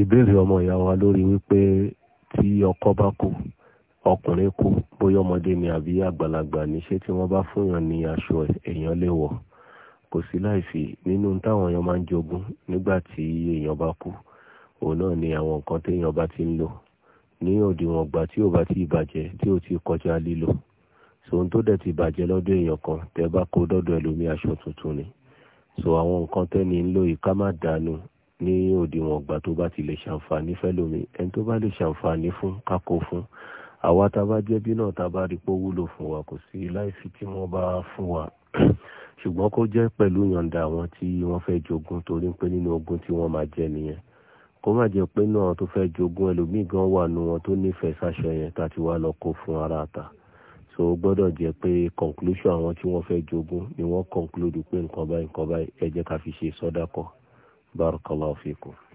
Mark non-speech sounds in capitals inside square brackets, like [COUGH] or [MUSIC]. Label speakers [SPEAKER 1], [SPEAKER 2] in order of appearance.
[SPEAKER 1] ìbéèrè ọmọ ìyá wa lórí wípé tí ọkọ bá kú ọkùnrin kú bóyá ọmọdé ni àbí àgbàlagbà ní ṣé tí wọ́n bá fúnyàn ní aṣọ èèyàn lè wọ̀ kò sí láìfi nínú táwọn èèyàn máa ń jogún nígbà tí èèyàn bá kú òun náà ni àwọn nǹkan téèyàn bá ti ń lò ní òdiwọ̀n ìgbà tí ò bá ti bàjẹ́ tí ò ti kọjá lílò sòun tó dẹ̀ ti bàjẹ́ lọ́dọ̀ èèyàn kan tẹ́ bá kó dọ́dọ̀ ẹlòmíì aṣọ tuntun ni so àwọn nǹkan tẹ́ni ń lò yìí ká má dànù ní òdiwọ̀n ọgbà tó bá ti lè ṣàǹfààní fẹ́lómi ẹni tó bá lè ṣàǹfààní fún kákó fún àwa tá a bá jẹ́bí náà tá a bá rí pé wúlò fún wa kò sí láìsí tí wọ́n bá fún wa [CLEARS THROAT] ṣùgbọ́n kó jẹ́ pẹ̀lú yọ̀ǹda àwọn tí wọ́n fẹ́ jogún torí pé nínú ogún tí wọ́n máa jẹ nìyẹn kó má jẹ́ pé náà tó fẹ́ jogún ẹlòmíì gan wà nù wọn tó nífẹ̀ẹ́ sáṣọ yẹn tá a ti wá lọ kó fún ara ta so ó gbọ́dọ̀ pé conclusion àwọn tí wọ́n fẹ́ jogún ni wọ́n conclude pé nǹkan báyìí nǹkan báyìí ẹ jẹ́ ká fi ṣe sọ́dákọ̀ Barakallahu
[SPEAKER 2] fikum.